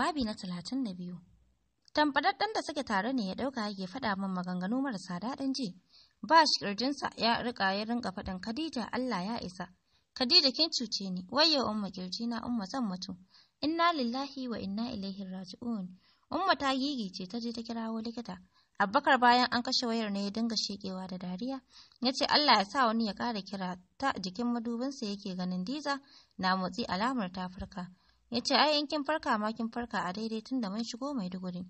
babi na talatin da biyu. Tamfadaddan da suke tare ne ya ɗauka yake faɗa min maganganu marasa daɗin ji. Ba shi ƙirjinsa ya riƙa ya rinƙa faɗin Khadija Allah ya isa. Khadija kin cuce ni, wayyo umma ƙirji na umma zan mutu. Inna lillahi wa inna ilaihi raji'un. Umma ta gigice ta je ta kirawo likita. Abbakar bayan an kashe wayar ne ya dinga shekewa da dariya. Ya ce Allah ya sa wani ya ƙara kira ta jikin madubinsa yake ganin Diza na motsi alamar ta farka. ya ce ai in kin farka ma kin farka a daidai tun da mun shigo maiduguri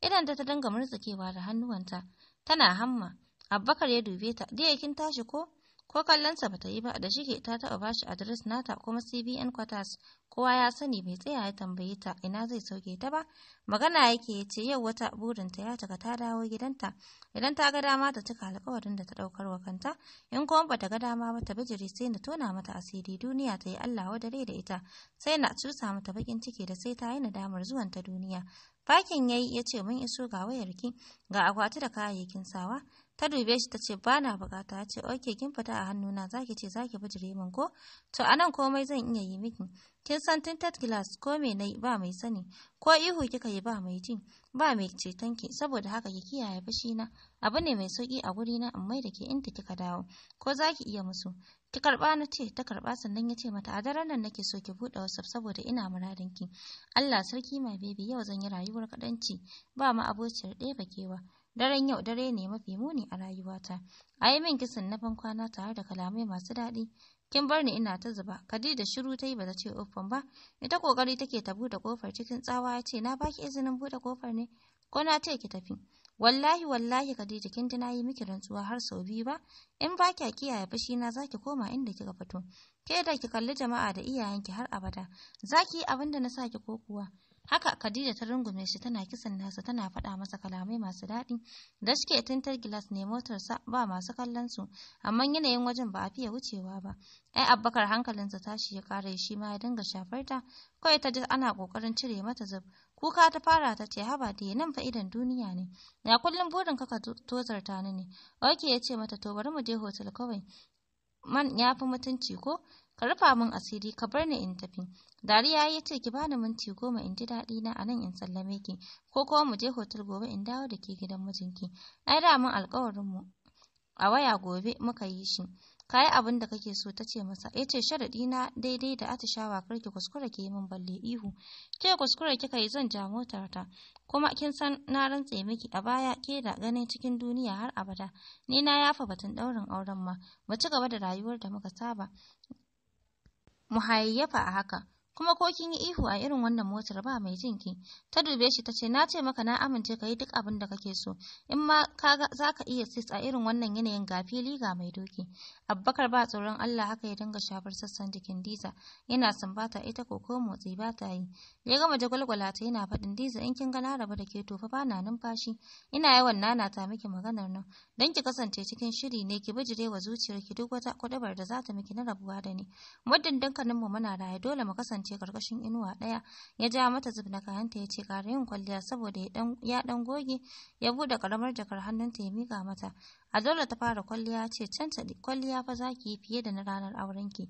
idan ta dinga murtsukewa da hannuwanta tana hamma Abubakar ya dube ta da kin tashi ko ko kallonsa bata yi ba da shike ta taɓa bashi adres nata kuma cbn quarters kowa ya sani bai tsaya ya tambaye ta ina zai sauke ta ba magana yake ya ce yau wata burinta ya cika ta dawo gidanta idan ta ga dama ta cika alkawarin da ta ɗaukar wa kanta in kuma bata ga dama ba ta bijiri sai na tona mata asiri duniya ta yi Allah wa dare da ita sai na cusa mata bakin ciki da sai ta yi nadamar zuwan ta duniya fakin yayi ya ce mun iso ga wayarki ga akwati da kayayyakin sawa ta dube shi ta ce ba na bukata ya ce oke kin fita a hannuna za ki ce za ki bijire min ko to anan komai zan iya yi miki kin san tun tat glass ko me nayi ba mai sani ko ihu kika yi ba mai jin ba mai ceton ki saboda haka ki kiyaye fushi na abu ne mai sauki a guri na amma da ke inda kika dawo ko za ki iya musu ki karba na ce ta karba sannan ya ce mata a daren nan nake so ki bude wasu saboda ina muradin ki Allah sarki ma bebi! yau zan yi rayuwar kadanci ba ma abociyar ɗaya kewa. Daren yau dare ne mafi muni a rayuwata. A yi min kisan na ban kwana tare da kalamai masu daɗi. Kin bar ni ina ta zuba. Khadija shiru ta yi ba ta ce uffan ba. Ita kokari take ta buɗe kofar cikin tsawa ya ce na baki izinin buɗe kofar ne. Ko na ce ki tafi. Wallahi wallahi Khadija kin ji na yi miki rantsuwa har sau biyu ba. In ba kya kiyaye fushi na za ki koma inda kika fito. Ke da ki kalli jama'a da iyayenki har abada. Za ki yi abin da na sa ki, ko kuwa. haka Khadija ta rungume shi tana kisan nasa tana faɗa masa kalamai masu daɗi da suke tintar gilas ne motarsa ba masu kallon su amma yanayin wajen ba a fiye wucewa ba ai abbakar hankalinsa tashi ya kare shi ma ya dinga shafar ta kawai ta ji ana kokarin cire mata zub kuka ta fara ta ce haba da nan faidan duniya ne ya kullum burin kaka tozarta ni ne oke ya ce mata to bari mu je hotel kawai man ya fi mutunci ko ka rufa min asiri ka bar ni in tafi dariya ya ce ki bani minti goma in ji daɗi na a nan in sallame ki ko kuma mu je hotel gobe in dawo da ke gidan mijinki ai da mun alƙawarin mu a waya gobe muka yi shi ka yi abin da kake so ta ce masa ya ce sharaɗi na daidai da atishawa karki kuskure ke yi min balle ihu ke kuskure kika yi zan ja motar ta kuma kin san na rantse miki a baya ke da ganin cikin duniya har abada ni na yafa batun ɗaurin auren ma mu ci gaba da rayuwar da muka saba mu hayayyafa a haka kuma ko kin yi ihu a irin wannan motar ba mai jin ki ta dube shi ta ce na ce maka na amince ka yi duk abin da kake so in ma ka za ka iya sis a irin wannan yanayin ga fili ga mai doki abbakar ba tsoron Allah haka ya dinga shafar sassan jikin diza yana sambata ita ko ko motsi ba ta yi ya gama jagwalgwala ta yana faɗin diza in kin ga na rabu da ke tofa ba na numfashi ina yawan nana ta miki maganar nan dan ki kasance cikin shiri ne ki bijire wa zuciyarki duk wata kudubar da za ta miki na rabuwa da ni muddin mu muna raye dole mu kasance kasance karkashin inuwa daya ya ja mata zub na kayanta ya ce ƙara yin kwalliya saboda ya ɗan goge ya buɗe karamar jakar hannunta ya mika mata a dole ta fara kwalliya ce can kwalliya fa zaki yi fiye da na ranar aurenki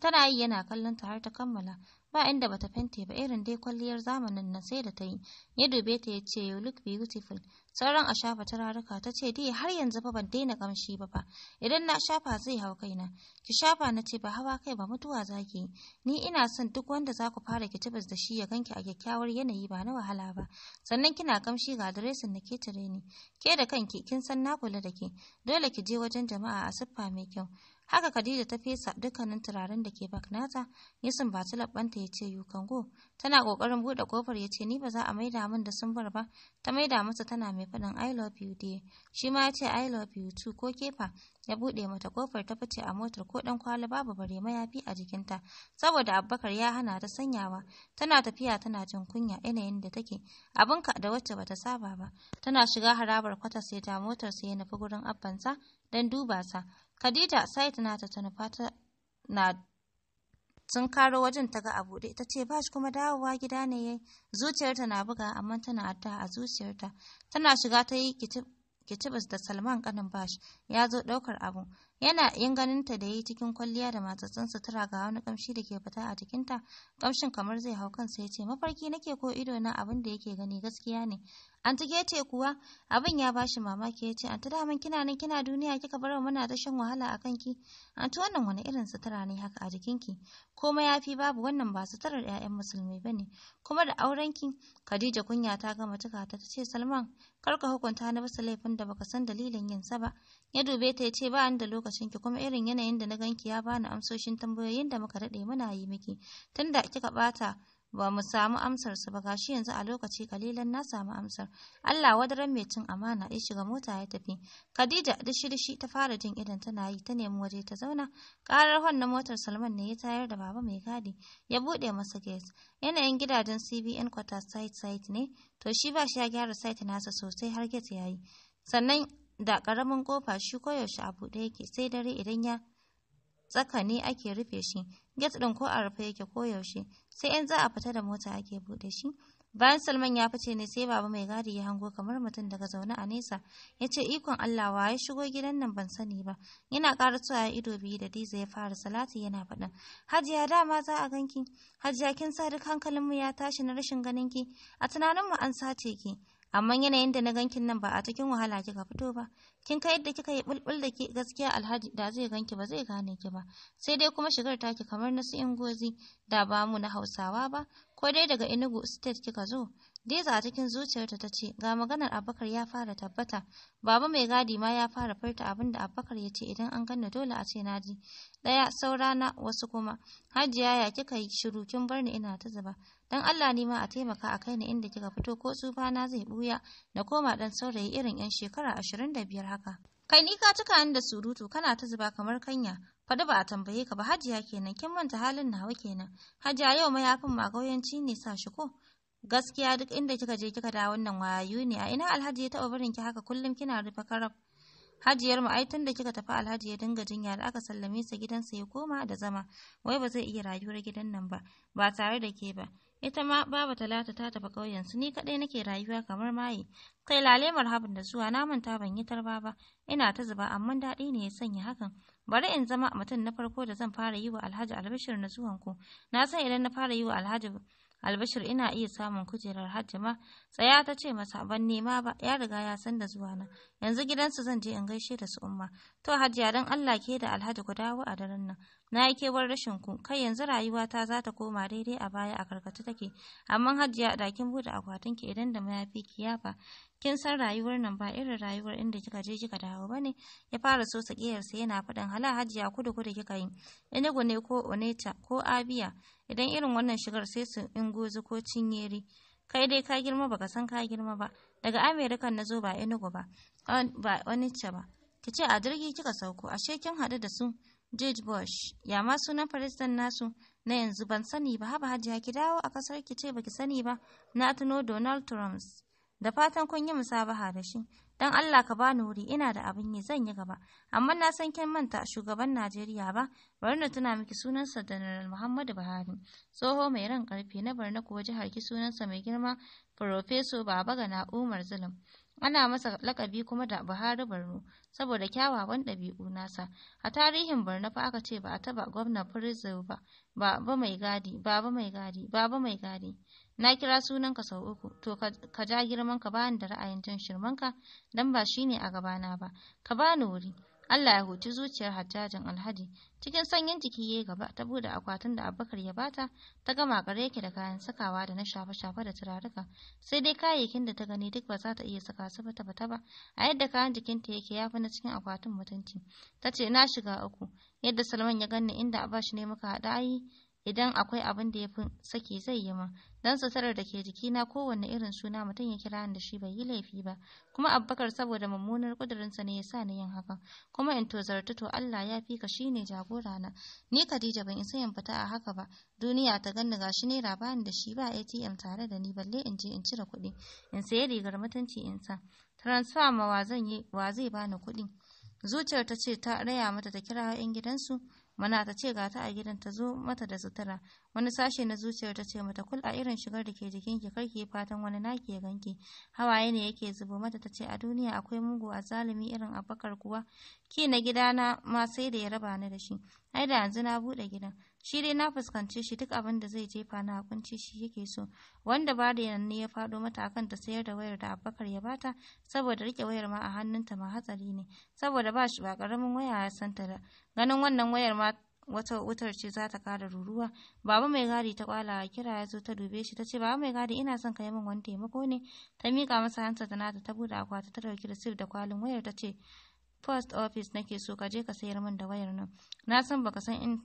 Tana yi yana kallon ta har ta kammala. Ba inda bata fente ba irin dai kwalliyar zamanin nan sai da ta yi. Ya dube ta ya ce you look beautiful. Sauran a shafa turaruka ta ce dai har yanzu ba ban daina kamshi ba fa. Idan na shafa zai hau kaina. Ki shafa na ce ba hawa kai ba mutuwa zaki yi. Ni ina son duk wanda za ku fara kitibas da shi ya ganki a kyakkyawar yanayi ba na wahala ba. Sannan kina kamshi ga adireshin da ke tare ni. Ke da kanki kin san na kula da ke. Dole ki je wajen jama'a a siffa mai kyau. Haka Khadija ta fesa dukkanin turaren da ke bak nata, ba ta labbanta ya ce you can Tana kokarin buɗe kofar ya ce ni ba za a maida min da sun bar ba. Ta maida masa tana mai faɗin I love you dear. Shi ma ya ce I love you too ko kefa. Ya buɗe mata kofar ta fice a motar ko dan kwali babu bare mayafi a jikinta saboda Abubakar ya hana ta sanyawa. Tana tafiya tana jin kunya yanayin da take. ka da wacce bata saba ba. Tana shiga harabar kwata sai ta motar sai ya nufi gurin abbansa don duba sa. Khadija sai na ta tunufa ta na sun karo wajen ta ga abu buɗe, ita ce shi kuma dawowa gida ne yayi zuciyarta na buga amma tana ta a zuciyarta tana shiga ta yi da Salman kanin bash ya zo daukar abu yana yin ganin ta da yi cikin kwalliya da matsatsin sutura ga wani kamshi da ke fita a ta kamshin kamar zai hau kansa ya ce mafarki nake ko ido na abin da yake gani gaskiya ne Anti Gete kuwa abin ya ba shi mamaki ya ce da daman kina nan kina duniya kika bar muna ta wahala a kanki. Anti wannan wani irin sutura ne haka a jikinki. Komai ya fi babu wannan ba suturar 'ya'yan musulmi ba ne. Kuma da aurenki Khadija kunya ta gama tuka ta ce Salman kar ka hukunta na basa laifin da baka san dalilin yin sa ba. Ya dube ta ya ce ba da lokacin ki kuma irin yanayin da na ganki ya bani amsoshin tambayoyin da muka daɗe muna yi miki tunda kika bata ba mu samu amsar su ba shi yanzu a lokaci kalilan na samu amsar Allah wadaran mai cin amana ya shiga mota ya tafi Khadija dishi dishi ta fara jin idan tana yi ta nemi waje ta zauna karar hon motar Salman ne ya tayar da baba mai gadi ya bude masa gas yanayin gidajen CBN kwata site site ne to shi ba shi ya gyara site nasa sosai har gate yayi sannan da karamin kofa shi koyaushe a buɗe yake sai dare idan ya tsaka ne ake rufe shi Get ɗin ko a rufe yake ko yaushe sai in za a fita da mota ake buɗe shi bayan salman ya fice ne sai baba mai gadi ya hango kamar mutum daga zaune a nesa ya ce ikon allah wa ya shigo gidan nan ban sani ba yana ƙara ya ido biyu da diza ya fara salati yana faɗin hajiya dama za a ganki hajiya kin sa duk hankalinmu ya tashi na rashin ganinki a tunaninmu an sace ki amma yanayin da na gankin nan ba a cikin wahala kika fito ba kin kai yadda kika yi bulbul da ki gaskiya alhaji da zai ganki ba zai gane ki ba sai dai kuma shigar taki kamar na su ingozi da ba mu na hausawa ba ko dai daga enugu state kika zo Deza a cikin zuciyarta ta ce, ga maganar Abubakar ya fara tabbata, baba mai gadi ma ya fara furta abin da Abubakar ya ce idan an ganna dole a ce na ji. Ɗaya saurana wasu kuma, hajiya ya kika yi shiru kin bar ni ina ta zuba, dan Allah ne ma a taimaka a kai ni inda kika fito ko tsufa na zai buya na koma dan saurayi irin yan shekara ashirin da biyar haka kai ni ka cika ni da surutu kana ta zuba kamar kanya faɗi ba a tambaye ka ba hajiya kenan kin manta halin nawa kenan hajiya yau a magauyanci ne sa shi ko gaskiya duk inda kika je kika da wannan wayayu ne a ina alhaji ya taɓa barin ki haka kullum kina rufe karab hajiyar mu ai tun da kika tafi alhaji ya dinga jinya da aka sallame sa gidansa ya koma da zama wai ba zai iya rayuwar gidan nan ba ba tare da ke ba ita ma baba talata ta tafi ƙauyen su ni kadai nake rayuwa kamar maye kai lale marhaban da zuwa na manta ban yi tarba ba ina ta zuba amma daɗi ne ya sanya hakan bari in zama mutum na farko da zan fara yi wa alhaji albishir na zuwanku na san idan na fara yi wa alhaji Albashir ina iya samun kujerar hajji tsaya ta ce masa ban nema ba, ya riga ya san da zuwa na. Yanzu gidansu zan je in gaishe da su umma. To hajiya don Allah ke da alhaji ku dawo a daren nan. Na yi kewar rashin ku, kai yanzu rayuwata za ta koma daidai a baya a karkata take. Amma hajiya da kin bude akwatin ki idan da mayafi ki yafa. Kin san rayuwar nan ba irin rayuwar inda kika je kika dawo ba ne. Ya fara so sa yana faɗin hala hajiya kudu kudu kika yi. Enugu ne ko Oneta ko Abia. idan irin wannan shigar sai su ingozi ko cinyeri kai dai ka girma baka san ka girma ba daga amerika na zo ba enugu ba ba ce ba ki ce a jirgi kika sauko ashe kin haɗu da su george bush ya ma sunan faristan nasu na yanzu ban sani ba haba hajiya ki dawo a kasar ki ce baki sani ba na tuno donald trump da fatan kun yi musabaha da shi don Allah ka bani wuri ina da abin yi zan yi gaba amma na san kin manta shugaban Najeriya ba bari na tuna miki sunansa General Muhammadu Buhari tsoho mai ran karfe na barna kuwa jihar ki sunansa mai girma Professor Baba Gana Umar Zulum ana masa lakabi kuma da Buhari Barno saboda kyawawan ɗabi'u nasa a tarihin Borno, fa aka ce ba a taba gwamna Prison ba baba mai gadi baba mai gadi baba mai gadi na kira sunanka sau uku to ka ja girman ka bani da ra'ayin jin shirmanka dan ba shine a gabana ba ka bani wuri Allah ya huci zuciyar hajjajin alhaji cikin sanyin jiki ya gaba ta bude akwatin da abubakar ya bata ta gama kare yake da kayan sakawa da na shafa-shafa da turaruka sai dai kayayyakin da ta gani duk ba za ta iya saka su ba tabata ba a yadda kayan jikinta yake ya fi na cikin akwatin mutunci ta ce na shiga uku yadda salman ya ganni inda abashi ne muka haɗa yi idan akwai abin da ya fi saki zai yi min dan suturar da ke jikina wanne irin suna mutum ya kira da shi bai yi laifi ba kuma Abubakar saboda mummunar kudurinsa ne ya sa ni yin hakan kuma in tozarta to Allah ya fi ka ne jagora na ni Khadija ban isa yin fita a haka ba duniya ta ganni gashi naira bani da shi ba ATM tare da ni balle in je in cire kuɗi in sayi rigar mutunci in sa transfer ma wa zan yi wa zai bani kuɗi zuciyar ta ce ta raya mata ta kira 'yan gidansu mana ta ce ga ta a gidan ta zo mata da sutura wani sashe na zuciyar ta ce mata kul a irin shigar da ke jikinki karki fatan wani naki ya ganki hawaye ne yake zubo mata ta ce a duniya akwai mugu a zalimi irin abakar kuwa ki na gidana ma sai da ya raba ni da shi ai da yanzu na bude gidan shi dai na fuskanci shi duk abin da zai jefa na hukunci shi yake so wanda ba da ne ya fado mata akan ta sayar da wayar da abbakar ya bata saboda rike wayar ma a hannunta ma hatsari ne saboda ba shi ba karamin waya ya santa da ganin wannan wayar ma wata wutar ce za ta kara ruruwa baba mai gadi ta kwala kira ya zo ta dube shi ta ce baba mai gadi ina son ka yi min wani taimako ne ta mika masa hansa ta nata ta bude akwati ta dauki receipt da kwalin wayar ta ce post office nake so ka je ka sayar min da wayar nan na san baka san in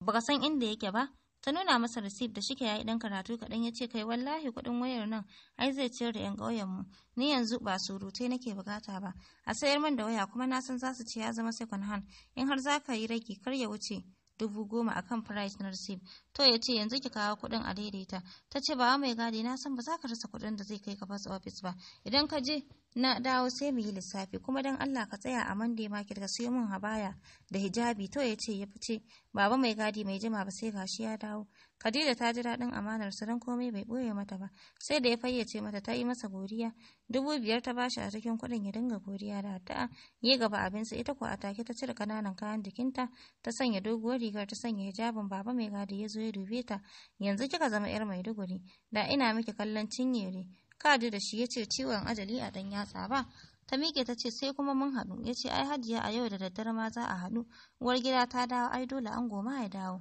baka san inda yake ba ta nuna masa receipt da shike yayi dan karatu kaɗan ya ce kai wallahi kuɗin wayar nan ai zai ciyar da 'yan gauyen mu ni yanzu ba surute nake bukata ba a sayar min da waya kuma na san zasu su ce ya zama second hand in har zaka yi rage kar ya wuce dubu goma a kan price na receipt to yace yanzu ki kawo kuɗin a daidaita tace ce ba mai gadi na san ba za rasa kuɗin da zai kai ka bas office ba idan ka je na dawo sai mu yi lissafi kuma don Allah ka tsaya a Monday market ka siyo min habaya da hijabi to ya ce ya fice baba mai gadi mai jima ba sai gashi ya dawo Khadija ta ji daɗin amanar sa dan komai bai boye mata ba sai da ya fayyace mata ta yi masa godiya dubu biyar ta bashi a cikin kuɗin ya dinga godiya da ta yi gaba abinsa ita ko a take ta cire kananan kayan jikinta ta sanya doguwar rigar ta sanya hijabin baba mai gadi ya zo ya dube ta yanzu kika zama yar maiduguri da ina miki kallon cinyere ka da shi ya ce ciwon ajali a dan yatsa ba ta miƙe ta ce sai kuma mun haɗu ya ce ai hajiya a yau da daddare ma za a haɗu uwar gida ta dawo ai dole an goma ya dawo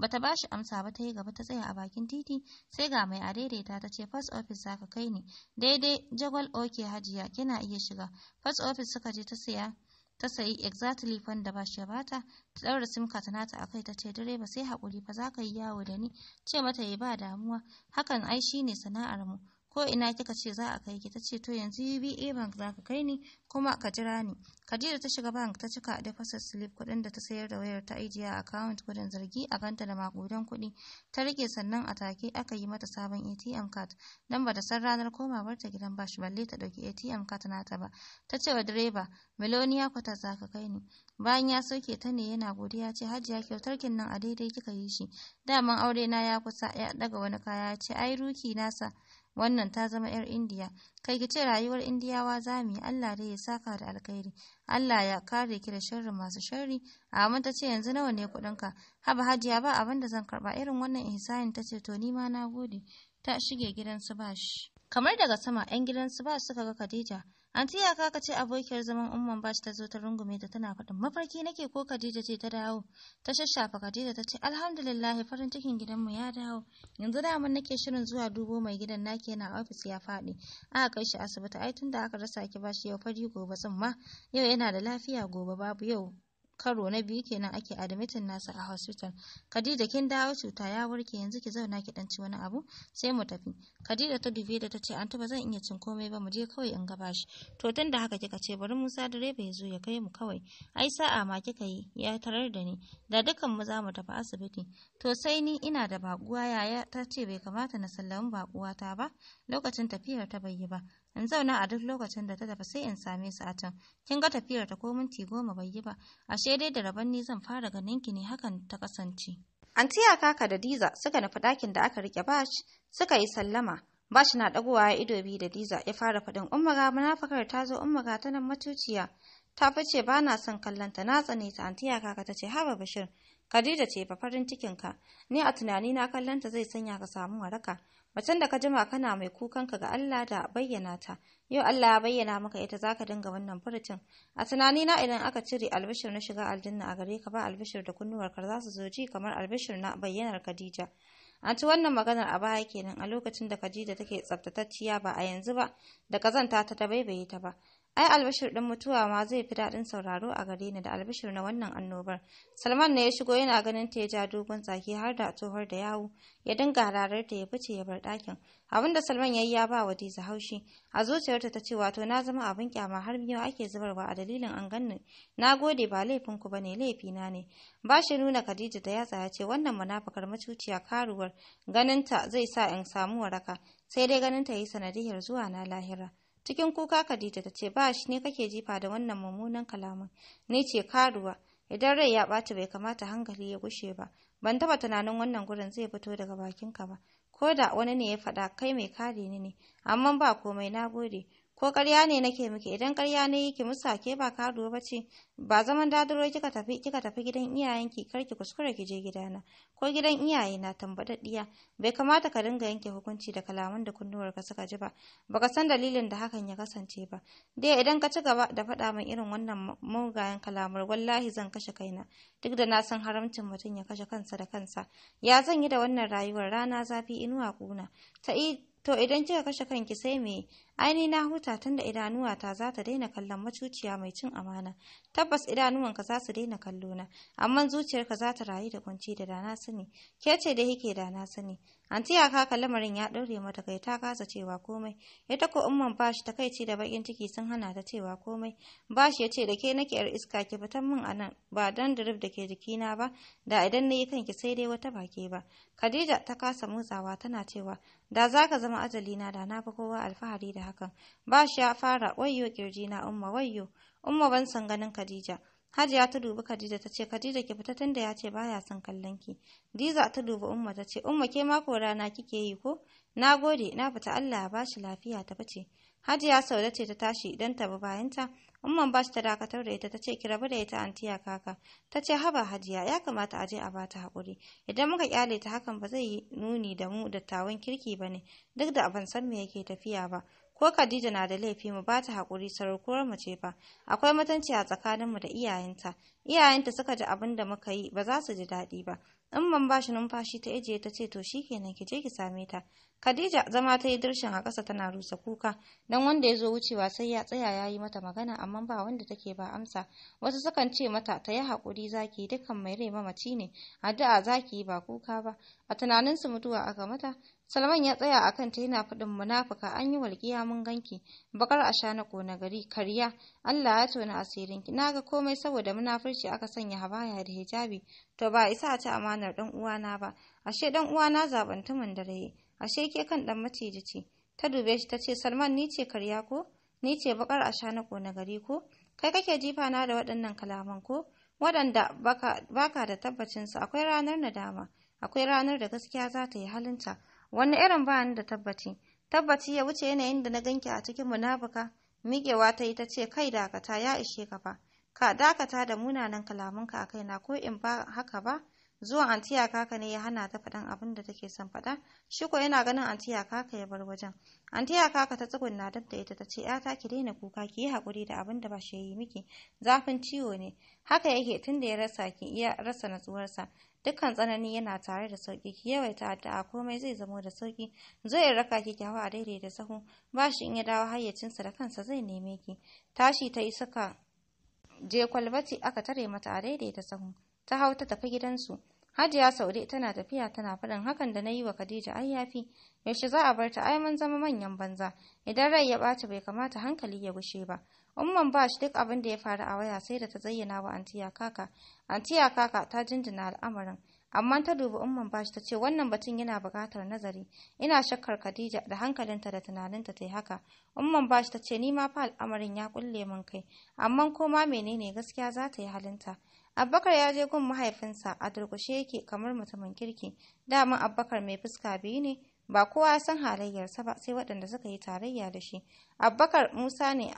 bata ba shi amsa ba ta yi gaba ta tsaya a bakin titi sai ga mai adaidaita ta ce first office za ka kai ni daidai jagwal oke hajiya kina iya shiga first ofis suka je ta saya ta sayi exactly fan da ba shi bata ta daura sim card nata akai ta ce direba sai hakuri fa za ka yi yawo da ni ce mata ya ba damuwa hakan ai shine sana'ar mu ko ina kika ce za a kai ki ta ce to yanzu UBA bank za ka kai ni kuma ka jira ni Khadija ta shiga bank ta cika deposit slip kuɗin da ta sayar da wayar ta ajiya a account gudun zargi a banta da makudan kuɗi ta rike sannan a take aka yi mata sabon ATM card dan bata san ranar komawar ta gidan bashi balle ta dauki ATM card nata ba ta ce wa direba Melonia kwata za ka kai ni bayan ya sauke ta ne yana godiya ce hajiya kyautar kin nan a daidai kika yi shi daman aure na ya kusa ya daga wani kaya ce ai ruki nasa wannan ta zama 'yar indiya kai ki ce rayuwar indiyawa za yi allah dai ya saka da alkhairi allah ya kare ki da sharri masu sharri amma ta ce yanzu nawa ne kuɗinka haba hajiya ba abin da zan karɓa. irin wannan ihsanin ta ce to ni ma na gode ta shige gidansu bashi kamar daga sama 'yan su ba suka ga khadija Anti yaka ka ce abokiyar zaman umman bashi ta zo ta rungume ta tana faɗin mafarki nake ko Khadija ce ta dawo. Ta shashafa Khadija ta ce alhamdulillah farin cikin gidanmu ya dawo. Yanzu da mun nake shirin zuwa dubo mai gidan naki yana ofis ya faɗi. Aka kai shi asibiti ai tunda aka rasa ki bashi yau fari gobe tsumma. yau yana da lafiya gobe babu yau karo na biyu kenan ake admitin nasa a hospital Khadija kin dawo cuta ya warke yanzu ki zauna ki danci wani abu sai mu tafi Khadija ta dube da tace an taba zan iya cin komai ba mu je kawai in ga bashi to tun da haka kika ce bari Musa direba ya zo ya kai mu kawai ai sa'a ma kika yi ya tarar da ni da dukan mu za mu tafi asibiti to sai ni ina da bakuwa yaya ta ce bai kamata na sallami baƙuwata ba lokacin tafiyar ta bai yi ba in zauna a duk lokacin da ta tafi sai in same su a kin ga tafiyar ta ko minti goma bai yi ba ashe dai da rabon ni zan fara ganin ki ne hakan ta kasance antiya kaka da diza suka nufi ɗakin da aka rike bash suka yi sallama bash na ɗagowa ya ido biyu da diza ya fara faɗin ummaga munafakar ta zo umma ta nan matuciya ta fice ba na son kallon ta na tsane ta antiya kaka ta ce haba bashir Khadija ce fa farin cikinka, ni a tunani tunanina kallonta zai sanya ka samu waraka. Macen da ka jima kana mai kukan ka ga Allah da bayyana ta, yau Allah ya bayyana maka ita zaka dinga wannan furucin. A tunani na idan aka cire albishir na shiga aljanna a gare ka ba albishir da kunnuwarka za su zo ji kamar albishir na bayyanar Khadija. An ci wannan maganar a baya kenan a lokacin da Khadija take tsaftatacciya ba a yanzu ba da kazanta ta ta baibaye ta ba. ai albashir ɗin mutuwa ma zai fi daɗin sauraro a gare ni da albashir na wannan annobar salman ne ya shigo yana ganin ta ya ja dogon tsaki har da tsohuwar da yawo ya dinga harar ta ya fice ya bar ɗakin abin da salman ya yi ya ba wa diza haushi a zuciyarta ta ce wato na zama abin kyama har biyu ake zubarwa a dalilin an ganni na gode ba laifin ku bane laifina ne ba shi nuna khadija da yatsa ya ce wannan munafakar macuciya karuwar ganinta zai sa in samu waraka sai dai ganin ta yi sanadiyar zuwa na lahira Cikin kuka Khadija ta ce ba shi ne kake jifa da wannan mummunan kalaman. Ni ce karuwa. Idan rai ya ɓata bai kamata hankali ya gushe ba. Ban taɓa tunanin wannan gurin zai fito daga bakinka ba. Ko da wani ne ya faɗa kai mai kare ni ne. Amma ba komai na gode. ko ƙarya ne nake miki idan ƙarya ne ki musa ke ba karuwa ba ce ba zaman dadaro kika tafi kika tafi gidan iyayenki kar ki kuskure ki je gidana ko gidan iyaye na tambadaddiya bai kamata ka dinga yanke hukunci da kalaman da kunnuwarka suka ji ba baka san dalilin da hakan ya kasance ba dai idan ka ci gaba da faɗa min irin wannan mugayen kalamar wallahi zan kashe kaina duk da na san haramcin mutum ya kashe kansa da kansa ya zan yi da wannan rayuwar rana zafi inuwa kuna ta To idan kika kashe kanki sai me? Aini na huta tunda idanuwata za ta daina kallon macuciya mai cin amana. Tabbas idanuwanka za su daina kallona. na, amma zuciyarka za ta rayu da kunci da dana sani. Ke ce da yake dana sani. Antiya ya kaka lamarin ya ɗaure mata kai ta kasa cewa komai. Ita ko umman bashi ta takaici da bakin ciki sun hana ta cewa komai. Bashi ya ce da ke nake yar iska ki fitan min anan ba dan dirif da ke jikina ba da idan na yi kanki sai dai wata baki ba. Khadija ta kasa motsawa tana cewa da za ka zama na da na fi kowa alfahari da hakan. Bashi ya fara wayyo kirji na umma wayyo. Umma ban san ganin Khadija. Hajiya ta dubi Khadija ta ce Khadija ki fita tunda ya ce baya son kallon ki. Diza ta dubi Umma ta ce Umma ke mako rana kike yi ko? Na gode na fita Allah ya bashi lafiya ta fice. Hajiya Saude ce ta tashi idan ta bi bayanta. Umman bashi ta dakatar da ita ta ce ki rabu da ita antiya kaka. Ta ce haba Hajiya ya kamata a je a bata hakuri Idan muka kyale ta hakan ba zai yi nuni da mu dattawan kirki ba ne duk da ban san me yake tafiya ba. ko Khadija na da laifi mu ba ta haƙuri sarakuwar mu ce fa akwai mutunci a tsakanin mu da iyayenta iyayenta suka ji abin da muka yi ba za su ji daɗi ba in ban bashi numfashi ta ajiye ta ce to shikenan ki je ki same ta Khadija zama ta yi dirshin a ƙasa tana rusa kuka dan wanda ya zo wucewa sai ya tsaya ya yi mata magana amma ba wanda take ba amsa wasu sukan ce mata ta yi haƙuri zaki dukkan mai rai mamaci ne addu'a zaki ba kuka ba a tunaninsu mutuwa aka mata Salman ya tsaya a kanta yana faɗin munafuka an yi walƙiya mun ganki bakar sha na ƙona gari karya Allah ya tona asirin asirinki ga komai saboda munafurci aka sanya habaya da hijabi to ba isa a ta amanar dan uwana ba ashe dan uwana zabantu mun dare ashe ke kan dan maciji ce ta dube shi ce Salman ni ce karya ko ni ce bakar sha na ƙona gari ko kai kake jifa na da waɗannan kalaman ko waɗanda baka baka da tabbacin su akwai ranar nadama akwai ranar da gaskiya za ta yi halinta wani irin ba da tabbaci tabbaci ya wuce yanayin da na ganki a cikin munafuka miƙewa ta yi ta ce kai dakata ya ishe ka ba, ka dakata da munanan kalamanka a kaina ko in ba haka ba Zuwa antiya kaka ne ya hana ta faɗan abin da take son faɗa shi ko yana ganin antiya kaka ya bar wajen antiya kaka ta tsugunna dab da ita ta ce 'ya ta ki daina kuka ki yi haƙuri da abin da ba shi yi miki zafin ciwo ne haka yake tun da ya rasa ki iya rasa natsuwarsa dukkan tsanani yana tare da sauki ki yawaita addu'a komai zai zamo da sauki zo in raka ki kyawa a daidai da sahu ba shi in ya dawo hayyacinsa da kansa zai neme ki tashi ta yi suka je kwalbati aka tare mata a daidai da sahu ta hau ta tafi gidansu Hajiya Saude tana tafiya tana faɗin hakan da na yi wa Khadija ai yafi, yaushe za a bar ta ai mun zama manyan banza, idan rai ya ɓaci bai kamata hankali ya gushe ba, Umman Bash duk abin da ya faru a waya sai da ta zayyana wa Antiya Kaka. Antiya Kaka ta jinjina al'amarin, amma ta dubi Umman Bash ta ce wannan batun yana buƙatar nazari. Ina shakkar Khadija da hankalinta da tunaninta ta yi haka. Umman Bash ta ce ni ma fa al'amarin ya kulle min kai, amma koma menene gaskiya za ta yi halinta. Abbakar ya je gun mahaifinsa a durƙushe yake kamar mutumin kirki. Dama Abbakar mai fuska biyu ne, ba kowa ya san halayyarsa ba sai waɗanda suka yi tarayya da shi. Abbakar Musa ne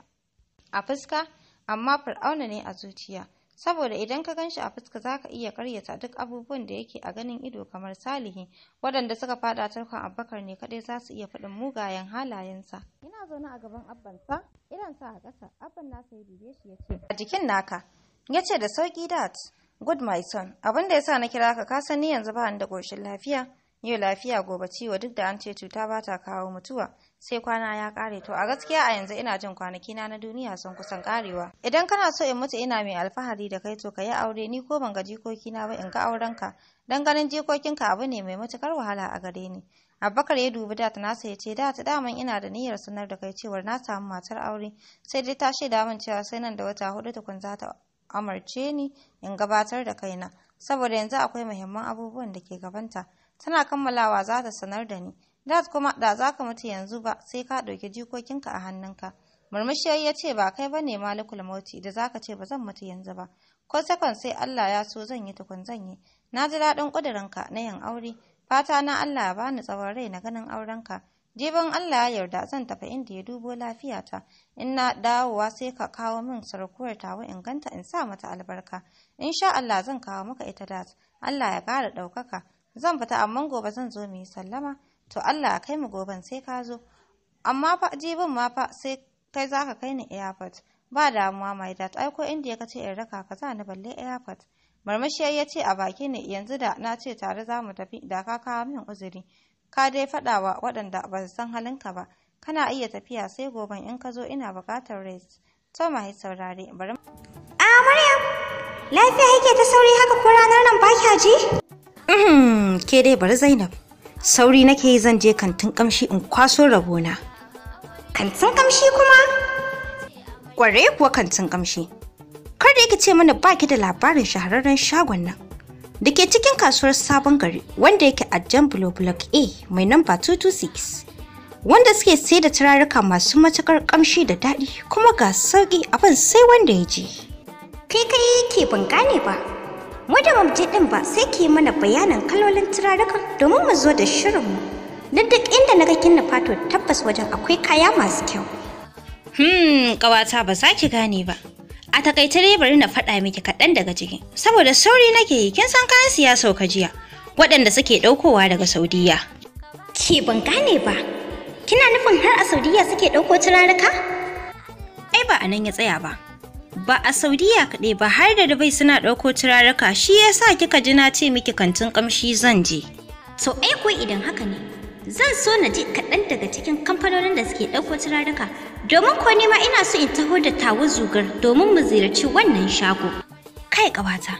a fuska amma fir'auna ne a zuciya saboda idan ka ganshi a fuska za ka iya karyata duk abubuwan da yake a ganin ido kamar salihi waɗanda suka fada tarkon abbakar ne kadai za su iya faɗin mugayen halayensa ina zaune a gaban abbansa sa a ƙasa abban nasa ya dube shi ya ce a jikin naka ya ce da sauki dat good my son abin da yasa na kira ka ka san ni yanzu ba da ƙoshin lafiya yau lafiya gobe ciwo duk da an ce cuta ba ta kawo mutuwa sai kwana ya kare to a gaskiya a yanzu ina jin kwanaki na na duniya sun kusan karewa idan kana so in mutu ina mai alfahari da kai to ka yi aure ni ko ban ga jikoki na ba in ga auren ka dan ganin jikokinka abu ne mai matukar wahala a gare ni Abubakar ya dubi data nasa ya ce da data daman ina da niyyar sanar da kai cewar na samu matar aure sai dai ta shaida min cewa sai nan da wata hudu tukun za ta amarce ni in gabatar da kaina saboda yanzu akwai muhimman abubuwan da ke gabanta tana kammalawa za ta sanar da ni da kuma da za ka mutu yanzu ba sai ka ɗauki jikokinka a hannunka murmushi ya ce ba kai ba ne malikul mauti da za ka ce ba zan mutu yanzu ba ko sakon sai allah ya so zan yi tukun zan yi na ji daɗin ƙudurinka na yin aure fata na allah ya bani tsawon rai na ganin aurenka jibin allah ya yarda zan tafi inda ya dubo lafiyata in na dawowa sai ka kawo min sarkuwar tawa in ganta in sa mata albarka in sha allah zan kawo maka ita das allah ya ƙara ɗaukaka zan fita amma gobe zan zo mu yi sallama to Allah kai mu goben sai ka zo amma fa jibin ma fa sai kai zaka kai ni airport ba damuwa mai dat ai ko inda ka ce in raka ka za ni balle airport marmashi ya ce a baki ne yanzu da na ce tare za mu tafi da ka kawo min uzuri ka dai faɗawa waɗanda ba su san halinka ba kana iya tafiya sai goben in ka zo ina bukatar rest to mai saurare bari a maryam lafiya yake ta sauri haka ko ranar nan ba kya ji mm-hmm, ke dai bari zainab sauri nake yi zan je kantin kamshi in kwaso rabona kantin kamshi kuma kware kuwa kantin kamshi kar da yake ce mana baki da labarin shahararren shagon nan da ke cikin kasuwar sabon gari wanda yake a jan block a mai namba 226 wanda suke sai da turaruka masu matukar kamshi da daɗi kuma ga sauƙi abin sai wanda ya je kai kai ke ban gane ba wadda ba mu je din ba sai kiyi mana bayanan kalolin turarukan domin mu zo da shirinmu na duk inda na ga kinna fato tabbas wajen akwai kaya masu kyau hmm kawata ba za ki gane ba a takaice dai bari na faɗa miki kaɗan daga cikin saboda sauri nake yi kin san kayan siya sauka jiya waɗanda suke ɗaukowa daga saudiya ke ban gane ba kina nufin har a saudiya suke ɗauko turaruka ai ba a nan ya tsaya ba ba a Saudiya kaɗai ba har da Dubai suna ɗauko turaruka shi ya sa kika ji na ce miki kantin ƙamshi zan je. To ai ko idan haka ne zan so na je kaɗan daga cikin kamfanonin da suke ɗauko turaruka domin ko nema ina so in taho da tawo zugar domin mu ziyarci wannan shago. Kai ƙawata,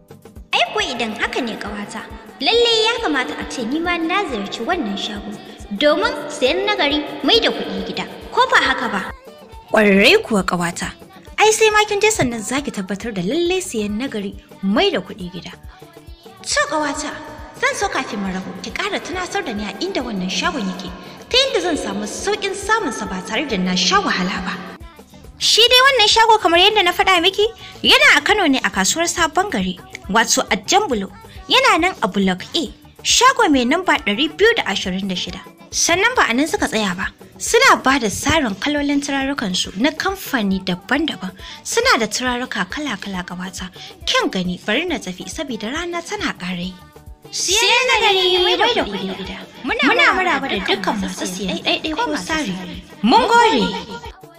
ai ko idan haka ne ƙawata lalle ya kamata a ce ni ma na ziyarci wannan shago domin sayan nagari mai da kuɗi gida ko ba haka ba ƙwararre kuwa ƙawata ai sai ma kin je sannan zaki tabbatar da lalle sayan nagari mai da kuɗi gida to ƙawata zan so kafin mu rabu ki ƙara tunasar da ni a inda wannan shagon yake ta yadda zan samu sauƙin samunsa ba tare da na sha wahala ba Shi dai wannan shago kamar yadda na faɗa miki yana a Kano ne a kasuwar sabon gari wato a Jambulo yana nan a Block A shago mai namba 226. Sannan ba a nan suka tsaya ba, suna ba da tsarin kalolin turarukansu na kamfani daban-daban suna da turaruka kala-kala gabata kyan gani bari na tafi saboda rana tana ƙarai. Siyan mai da kuɗi gida. Muna muraba da dukkan masu siyan ɗaiɗai ko Mun gore!